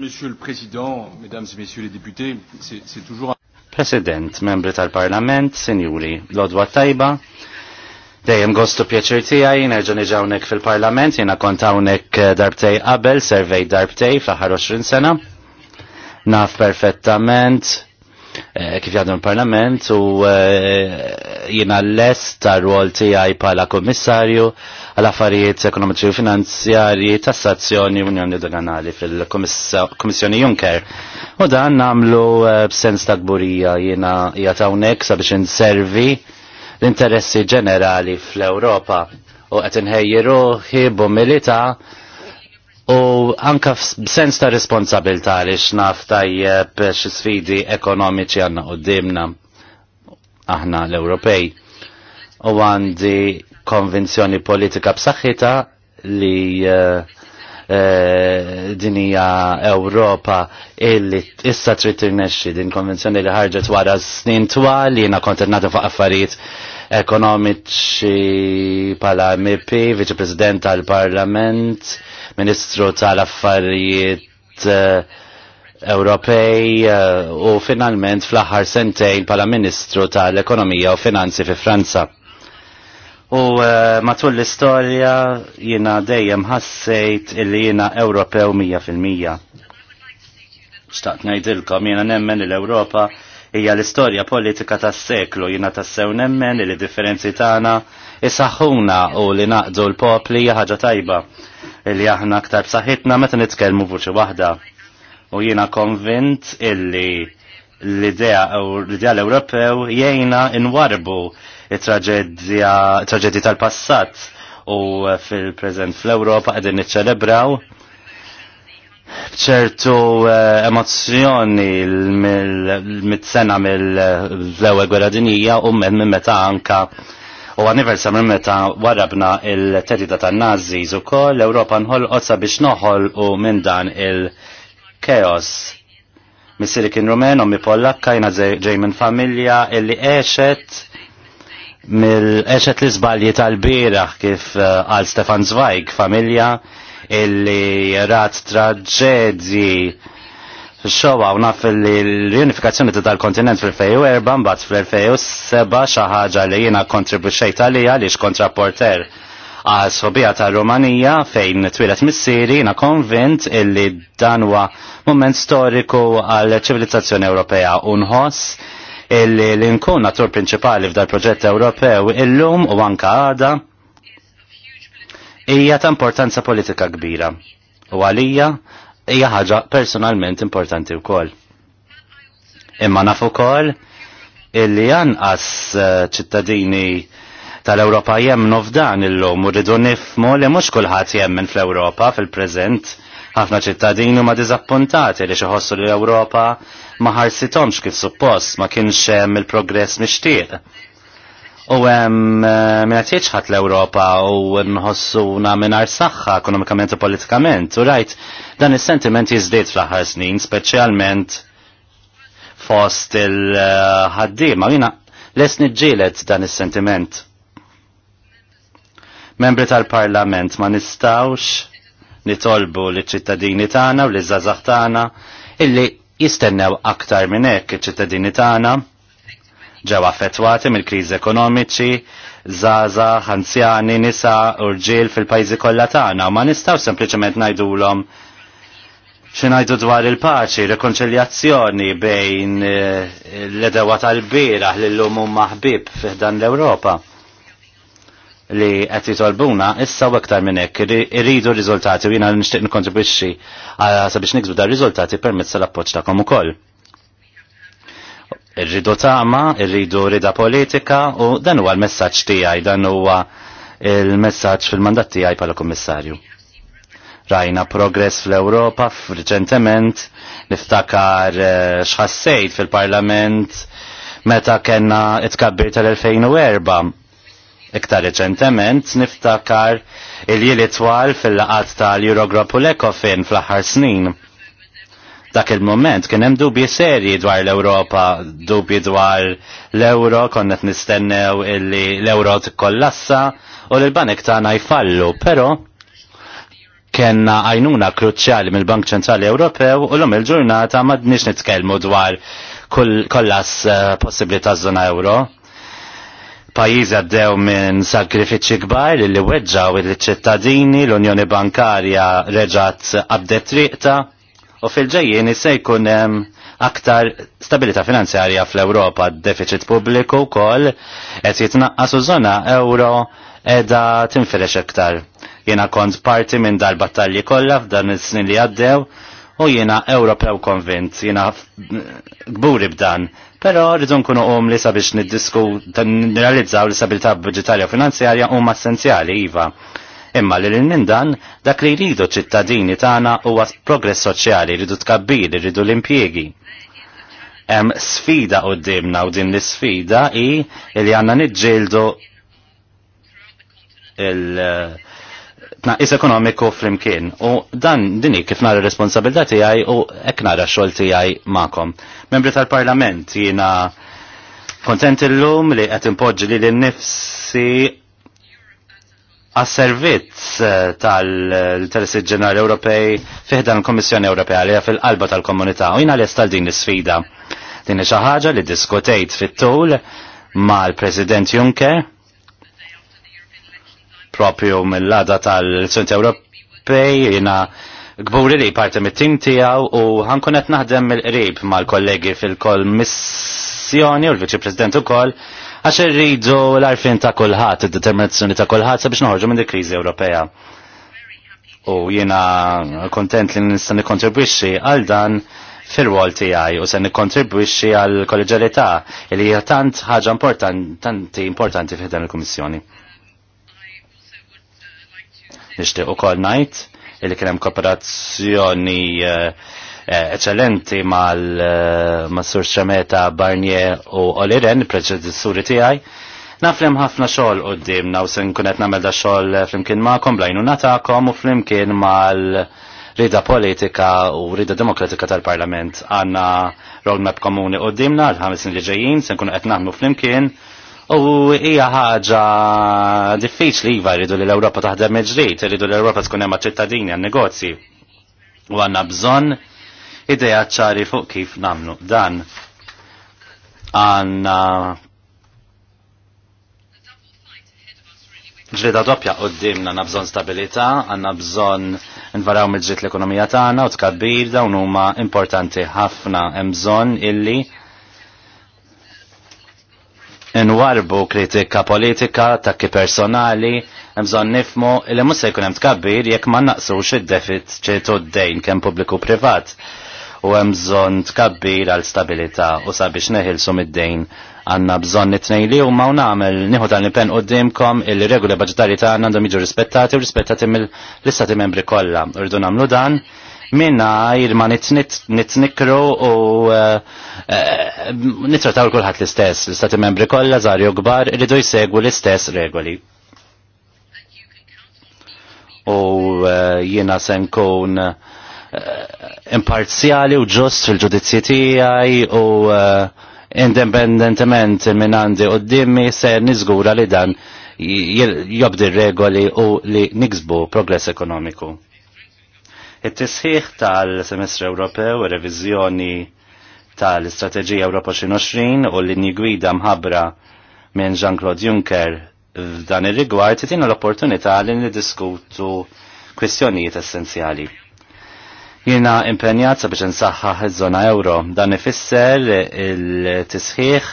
Monsieur le Président, Mesdames et Messieurs les députés, c'est toujours... President, membri tal-Parlament, Senjuri, Lodwa Tajba, Dejjem gostu pjaċir tiegħi nerġa' niġawnek fil-Parlament, jena kont hawnhekk eh, darbtej qabel, servej darbtej fl-aħħar 20 sena. Naf perfettament Eh, kif jgħadu l-Parlament u eh, jina l-est ta' rwol tijaj pala komissarju għal affarijiet ekonomiċi u finanzjarji tassazzjoni Unjoni Doganali fil-Komissjoni Juncker. U dan namlu eh, b'sens ta' gburija jina jgħatawnek sabiex inservi l-interessi ġenerali fl-Europa u għetin ħejjiru ħibu milita' U anka b'sens ta' responsabilta li xnaf tajjeb sfidi ekonomiċi għanna u dimna aħna l-Ewropej. U għandi konvenzjoni politika b'saxħita li uh, eh, E, eh, dinija Ewropa illi issa trid tirnexxi din konvenzjoni li ħarġet wara snin twal li jiena kont nagħtu fuq affarijiet ekonomiċi bħala MP, Viċi President tal-Parlament, Ministru tal-Affarijiet eh, Ewropej eh, u finalment fl-aħħar sentejn pala Ministru tal-Ekonomija u Finanzi fi Franza. U eh, matul l-istorja jina dejjem ħassejt illi jina Ewropew 100%. Xtaqt ngħidilkom jiena nemmen l-Ewropa hija l-istorja politika tas-seklu jina tassew nemmen li differenzi tagħna isaħħuna u li naqdu l-popli hija ħaġa tajba li aħna aktar b'saħħitna meta nitkellmu vuċi waħda. U jiena konvint illi l-idea l-ideal Ewropew jgħina inwarbu it-traġedja tal-passat u fil-preżent fl-Ewropa qegħdin niċċelebraw ċertu eh, emozzjoni mit-sena mill-ewwel gwerra dinija u minn meta anka u anniversa minn meta warabna il-tedida tan-Nażiż ukoll Ewropa nħolqot sabiex noħol u minn dan il-chaos. Missiri kien Rumen, ommi Pollakka, jina ġej minn familja illi eċet mill-eċet l-izbalji tal-biraħ kif eh, għal Stefan Zweig, familja illi rat traġedji xowa u naf li l-unifikazzjoni ta' dal-kontinent fil-2004 mbagħad fil-2007 xi ħaġa li jiena kontribwixxejt għalija għaliex kontrapporter għal sobija ta' Romanija fejn twilet missiri jiena konvint illi dan huwa moment storiku għal ċivilizzazzjoni Ewropea u nħoss illi l-inkun attur prinċipali f'dal proġett Ewropew illum u anka għada hija ta' importanza politika kbira u għalija hija ħaġa personalment importanti wkoll. Imma nafu ukoll illi anqas eh, ċittadini tal-Ewropa jemnu f'dan illum u rridu nifmu li mhux kulħadd jemmen fl-Ewropa fil-preżent ħafna ċittadini ma diżappuntati li xi li l europa ma ħarsithomx kif suppost ma kienx hemm il-progress nishtiq. U eh, minna ħadd l-Ewropa u nħossuna minnar saħħa ekonomikament u politikament. U rajt, dan is-sentiment jizdiet fl-aħħar snin, speċjalment fost il-ħaddiema. l-esni ġilet dan is-sentiment. Membri tal-Parlament ma nistawx nitolbu li ċittadini tagħna u li zazax tagħna illi jistennew aktar minn hekk iċ-ċittadini tagħna ġew affettwati mill-kriżi ekonomiċi, zaza, anzjani, nisa, urġiel fil-pajzi kollha tagħna, ma nistgħu sempliċement ngħidulhom xi ngħidu dwar il-paċi, rekonċiljazzjoni bejn eh, l-edewa tal li l-lum ħbib fiħdan l ewropa li qed jitolbuna issa u aktar minn hekk iridu riżultati u jiena nixtieq nikkontribwixxi ah, sabiex niksbu dar riżultati permezz tal-appoġġ tagħkom ukoll. Irridu taqma, irridu rida politika u dan huwa l-messaġġ tiegħi, dan huwa il-messaġġ fil-mandat tiegħi bħala kummissarju. Rajna progress fl-Ewropa reċentement niftakar eh, xħassejt fil-Parlament meta kena itkabbir tal-2004. Iktar reċentement niftakar il-jili twal fil-laqat tal-Eurogroup u l-Ecofin fl-aħħar snin dak il-moment kien hemm dubji serji dwar l-Ewropa, dubji dwar l-euro, konnet nistennew illi l-euro tikkollassa u l-banek tagħna jfallu, però kena għajnuna kruċjali mill-Bank Ċentrali Ewropew u l-lum il-ġurnata ma dnix nitkellmu dwar kollas eh, possibli ta' zona euro. Pajiz għaddew minn sakrifiċi kbar li weġġaw il-ċittadini, l-Unjoni Bankarja reġat għabdet triqta u fil-ġejjien se jkun hemm aktar stabilità finanzjarja fl-Ewropa, deficit pubbliku wkoll qed jitnaqqas u żona euro edha tinfirex iktar. Jiena kont parti minn dal-battalji kollha f'dan is-snin li għaddew u jiena Ewropew konvint, jiena gburi b'dan. Però rridu nkunu um li sabiex niddisku, nirealizzaw l-stabilità budgetarja u finanzjarja huma essenzjali, iva imma li l minn dan dak li jridu ċittadini tagħna huwa progress soċjali, jridu tkabbir, jridu l-impjiegi. Hemm sfida qudiemna u din l-sfida hi li għandna niġġieldu il- eh, tnaqis ekonomiku flimkien u dan dini kif nara responsabilità tiegħi u hekk nara x-xogħol tiegħi magħkom. Membri tal-Parlament jiena kontent l-lum li qed impoġġi li l-nifsi għas-servizz eh, tal-interessi ġenerali Ewropej fiħdan l-Kommissjoni Ewropea li fil-qalba tal-komunità u jina li estal din l-sfida. Din xi ħaġa li diskutejt fit-tul mal-President Juncker propju mill għada tal-Sunti Ewropej jina gburi li parti mit-tim tiegħu u ħankun qed naħdem mill-qrib mal-kollegi fil Miss l-elezzjoni u l-Viċi President ukoll għax rridu l-arfin ta' kulħadd, id-determinazzjoni ta' kulħadd sabiex noħorġu minn il krizi Ewropea. U jiena kontent li nista' nikkontribwixxi għal dan fil-wol tijaj u se nikkontribwixxi għal kolleġalità li hija tant ħaġa importanti importanti fi dan il-Kummissjoni. Nixtieq ukoll ngħid li kien hemm kooperazzjoni eh, Eh, eccellenti mal-Sur eh, Xameta Barnier u Oliren, preċedissuri tijaj. Naflim ħafna xol u d-dimna u sen kunet namel da xol eh, flimkien ma' komblajnu natakom u flimkien mal rida politika u rida demokratika tal-parlament għanna roadmap komuni u d-dimna l-ħamisin li ġejjin sen kunet naħmu flimkien U hija ħaġa diffiċli iva rridu li l europa taħdem meġrit, rridu li l europa tkun hemm ċittadini għan negozji. U għandna bżonn ideja ċari fuq kif namnu dan. Għanna ġrida doppja qoddimna għanna bżon stabilita, għanna bżon nvaraw mġrit l-ekonomija tagħna u tkabbir dawn huma importanti ħafna hemm bżonn illi inwarbu kritika politika, takki personali, hemm bżonn nifmu illi mhux se jkun hemm tkabbir jekk ma naqsux id-deficit d-dejn kemm pubbliku privat u hemm bżonn tkabbir għal stabilità u sabiex neħilsu mid-dejn għandna bżon nitnej li u nagħmel nieħu niħu tal nipen qudiemkom il-regoli budgetari ta' għandhom jiġu rispettati u rispettati mill-istati membri kollha. rridu nagħmlu dan minna jirma nitnikru u eh, eh, nitrataw l kulħadd l-istess. L-istati membri kollha żgħar jew kbar irridu jsegwu l-istess regoli. U eh, jiena nkun uh, Eh, imparzjali u ġust fil-ġudizzji tiegħi u eh, indipendentement minn għandi u dimmi se nizgura li dan jobdi regoli u li niksbu progress ekonomiku. It-tisħiħ tal-semestru Ewropew u reviżjoni tal-Istrateġija Ewropa 2020 u l-linji gwida mħabbra minn Jean-Claude Juncker f'dan ir-rigward titina l-opportunità li niddiskutu kwistjonijiet essenzjali. Jina impenjat sabiex nsaħħaħ iż-żona euro. Dan ifisser il-tisħiħ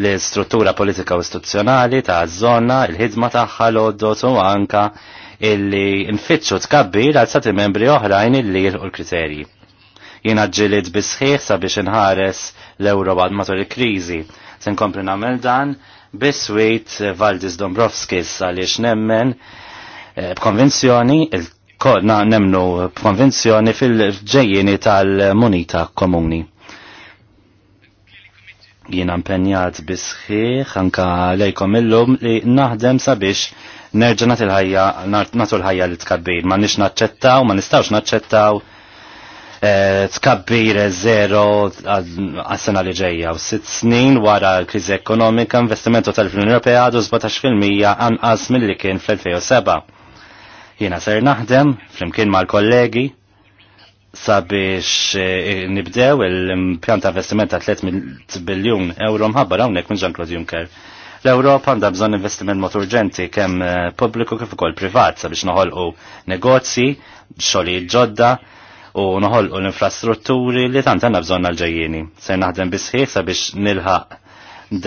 l-struttura politika u istituzzjonali ta' żona, il-ħidma tagħha l u anka illi nfittxu tkabbir għal stati membri oħrajn illi u l-kriterji. Jina ġilid bisħiħ sabiex nħares l-euro għad matul il-krizi. Sen kompri namel dan biswit Valdis Dombrovskis għaliex nemmen eh, b'konvenzjoni il konna nemnu konvenzjoni fil-ġejjini tal-munita komuni. Jien impenjat bisħiħ anka lejkom illum li naħdem sabiex nerġa' nagħti l-ħajja nagħtu l-ħajja li tkabbir. Ma nix naċċettaw, ma nistgħux naċċettaw eh, tkabbir zero għas-sena li ġejja u sitt snin wara l-kriżi ekonomika investimentu tal-Unjoni Ewropea għadu 17% anqas milli kien fl-2007 Jiena ser naħdem flimkien mal-kollegi sabiex eh, nibdew il-pjan ta' investiment ta' 3 biljun euro mħabbar hawnhekk minn Jean-Claude Juncker. L-Ewropa għandha bżonn investiment mod urġenti kemm eh, pubbliku kif ukoll privat sabiex noħolqu negozji, xogħli ġodda, u noħolqu l-infrastrutturi li tant għandna bżonn għal-ġejjieni. Ser naħdem bisħiħ sabiex nilħaq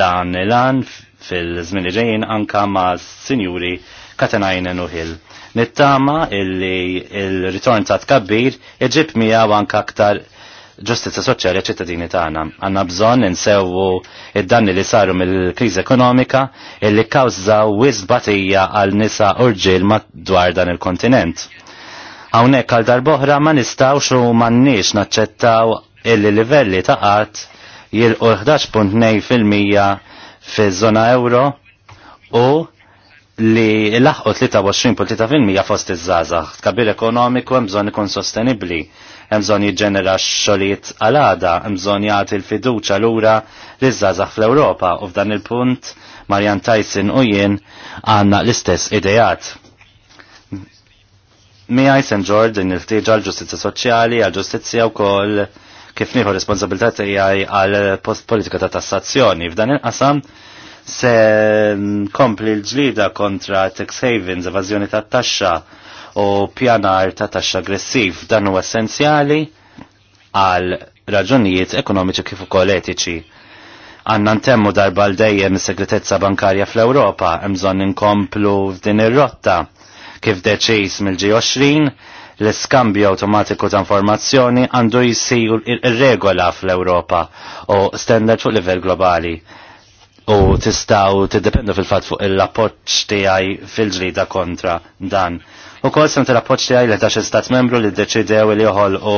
dan l-an fil-żmien ġejjin anka ma' sinjuri Katanajnen u Hill. Nittama illi il-ritorn ta' tkabbir iġib miegħu anka aktar ġustizza soċjali ċittadini tagħna. Għandna bżonn insewwu id-danni li saru mill-kriżi ekonomika illi kkawżaw wisbatija għal nisa urġil madwar dan il-kontinent. Hawnhekk għal darboħra ma nistgħux u m'għandniex naċċettaw illi livelli ta' qatt jilqu 11.2 fil-mija fi zona euro u li laħqu 23.3% fost iż żaza kabir ekonomiku hemm bżonn ikun sostenibbli, hemm bżonn jiġġenera x-xogħlijiet għal-għada, hemm bżonn jagħti l-fiduċja lura li żgħażagħ fl-Ewropa u f'dan il-punt Marjan Tyson u jien għandna l-istess idejat. Mi St. Jordan il ftiġ għal ġustizja soċjali, għal-ġustizja u koll kif nieħu responsabilità tiegħi għal politika ta' tassazzjoni. F'dan il-qasam se nkompli l-ġlida kontra tax havens, evażjoni ta' taxxa u pjanar ta' taxxa aggressiv. Dan huwa essenzjali għal raġunijiet ekonomiċi kif ukoll etiċi għanna ntemmu darba l-dejjem segretezza bankarja fl ewropa hemm bżonn inkomplu f'din ir-rotta kif deċis mill-G20 l-skambju automatiku ta' informazzjoni għandu jisiju il-regola fl-Europa u standard fuq livell globali u tistaw tiddependu fil-fat fuq il-appoċ tijaj fil-ġlida kontra dan. U kol sent l appoċ tijaj li taċ stat membru li deċidew li joħol u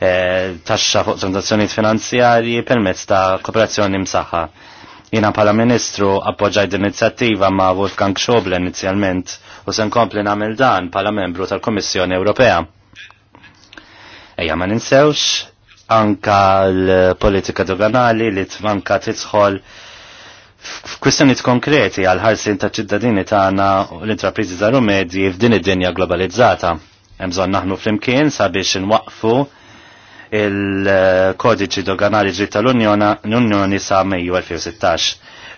eh, taxxa fuq transazzjonijiet finanzjarji permezz ta' kooperazzjoni msaħħa. Jina pala ministru appoġġaj din inizjattiva ma' Wolfgang Schoble inizjalment u se nkompli nagħmel dan pala membru tal-Kummissjoni Ewropea. Ejja ma ninsewx anka l-politika doganali li tmanka tidħol f'kwistjonijiet konkreti għal ħarsin ta' ċittadini tagħna u l-intrapriżi żaru medji f'din id-dinja globalizzata. Hemm bżonn naħnu flimkien sabiex inwaqfu il-kodiċi doganali ġrid tal-Unjoni sa' Mejju 2016.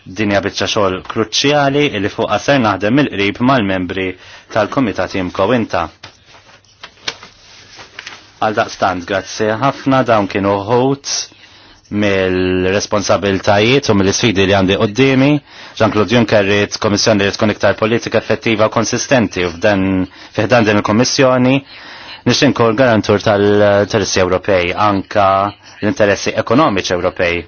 Dinja bitċa xogħol kruċjali li fuq qaser naħdem mill-qrib mal-membri tal-Kumitat Imko Winta. Għal daqstant, grazzi ħafna dawn kienu ħut mill-responsabiltajiet u mill-sfidi li għandi qoddimi. Jean-Claude Juncker rrit komissjoni li tkun iktar politika effettiva u konsistenti u f'dan din il-komissjoni nixinkol garantur tal-interessi Ewropej, anka l-interessi ekonomiċi Ewropej.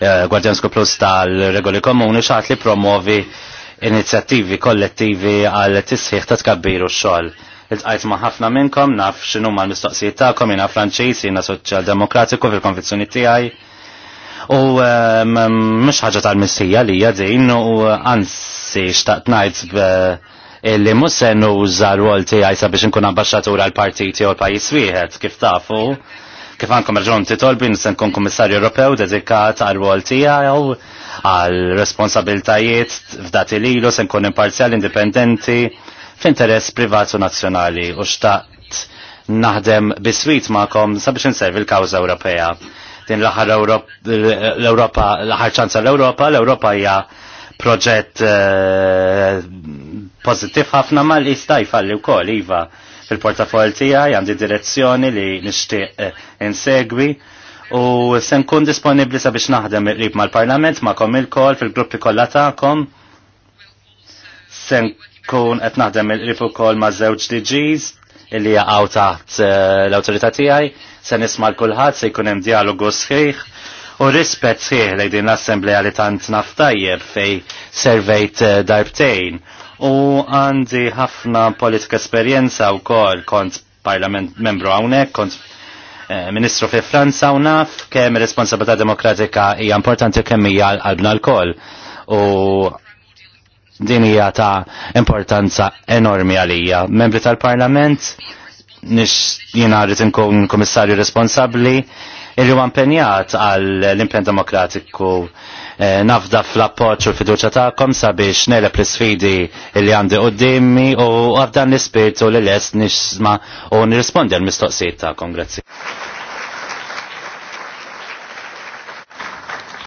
Eh, Guardiansku Plus tal-regoli komuni xaħat li promuovi inizjattivi kollettivi għal tisħiħ ta' tkabbiru xol. Il-tqajt ma' ħafna minnkom, naf xinu ma' l-mistoqsijiet ta' komina Franċiż, jina Soċjal-Demokratiku fil konvizjoni tiegħi. U eh, mux ħaġa tal-missija li hija din u għansi eh, xtaqt ngħid illi mhux se nuża rwol tiegħi sabiex nkun ambasċatur għal u jew pajjiż wieħed kif tafu. Kif għandkom raġun titolbi se nkun Kummissarju Ewropew dedikat għal rwol tiegħu għal responsabiltajiet f'dati lilu se nkun imparzjali indipendenti f'interess privatu u nazzjonali u xtaqt naħdem biswit ma'kom sabiex nservi l-kawża Ewropea din l-aħħar l-Ewropa l-aħħar ċanza l-Ewropa, l-Ewropa hija proġett eh, pozittiv ħafna ma li stajfalli u kol, Iva, fil-portafol tijaj, għandi direzzjoni li nishtiq eh, insegwi u sen kun disponibli sabiex naħdem il rib mal-parlament ma kom il-kol fil-gruppi kollha tagħkom. Sen kun qed naħdem il-rib ukoll ma' żewġ DGs illi jaqaw taħt eh, l-awtorità tiegħi, se nisma' l kulħadd se jkun hemm dialogu sħiħ u rispet sħiħ lejn din l-assembleja li tant naftajjeb fej servejt eh, darbtejn u għandi ħafna politika esperjenza u kol kont parlament membru għawnek, kont eh, ministru fi Franza u naf kemm responsabilità demokratika hija importanti kemm hija għalbna l-kol u din hija ta' importanza enormi għalija. Membri tal-Parlament nix jina rrit nkun komissarju responsabli li għan penjat għal l-impjant demokratiku eh, nafda fl-appoċ u fiduċa ta'kom sabiex nele l-sfidi li għandi u dimmi u għafdan l-spirtu li l les nix ma u nirrispondi għal mistoqsijiet ta'kom. Grazie.